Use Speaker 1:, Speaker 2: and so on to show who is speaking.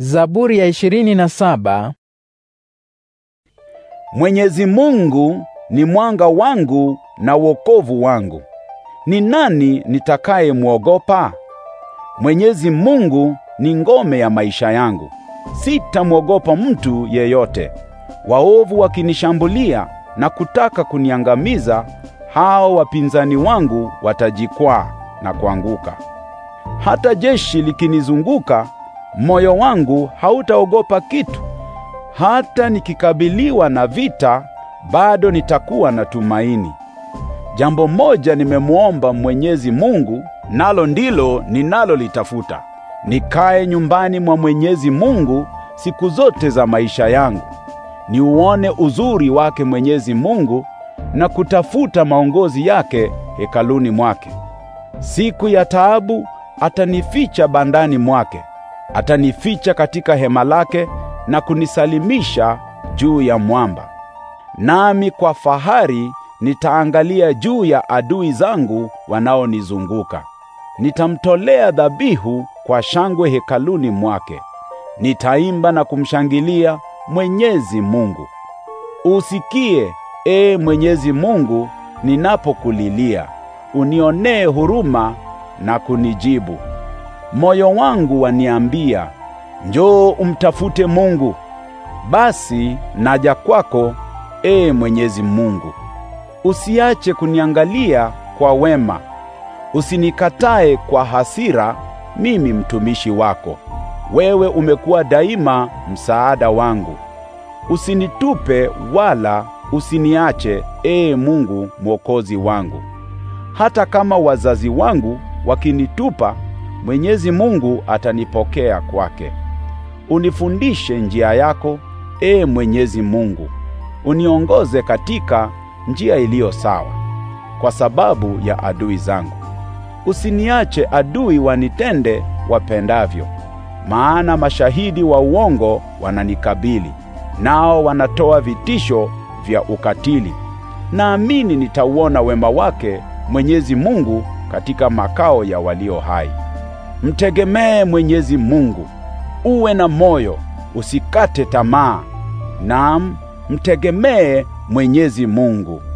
Speaker 1: Zaburi ya ishirini na saba. Mwenyezi Mungu ni mwanga wangu na wokovu wangu. Ni nani nitakayemwogopa? Mwenyezi Mungu ni ngome ya maisha yangu. Sitamwogopa mtu yeyote. Waovu wakinishambulia na kutaka kuniangamiza, hao wapinzani wangu watajikwaa na kuanguka. Hata jeshi likinizunguka Moyo wangu hautaogopa kitu, hata nikikabiliwa na vita, bado nitakuwa na tumaini. Jambo moja nimemuomba Mwenyezi Mungu, nalo ndilo ninalolitafuta, nikae nyumbani mwa Mwenyezi Mungu siku zote za maisha yangu, niuone uzuri wake Mwenyezi Mungu na kutafuta maongozi yake hekaluni mwake. Siku ya taabu atanificha bandani mwake, atanificha katika hema lake na kunisalimisha juu ya mwamba. Nami kwa fahari nitaangalia juu ya adui zangu wanaonizunguka. Nitamtolea dhabihu kwa shangwe hekaluni mwake. Nitaimba na kumshangilia Mwenyezi Mungu. Usikie, ee Mwenyezi Mungu, ninapokulilia. Unionee huruma na kunijibu. Moyo wangu waniambia, njoo umtafute Mungu. Basi naja kwako, ee Mwenyezi Mungu. Usiache kuniangalia kwa wema, usinikatae kwa hasira mimi mtumishi wako. Wewe umekuwa daima msaada wangu. Usinitupe wala usiniache, ee Mungu mwokozi wangu. Hata kama wazazi wangu wakinitupa Mwenyezi Mungu atanipokea kwake. Unifundishe njia yako, e Mwenyezi Mungu, uniongoze katika njia iliyo sawa, kwa sababu ya adui zangu. Usiniache adui wanitende wapendavyo, maana mashahidi wa uongo wananikabili, nao wanatoa vitisho vya ukatili. Naamini nitauona wema wake Mwenyezi Mungu katika makao ya walio hai. Mtegemee Mwenyezi Mungu, uwe na moyo, usikate tamaa. Naam, mtegemee Mwenyezi Mungu.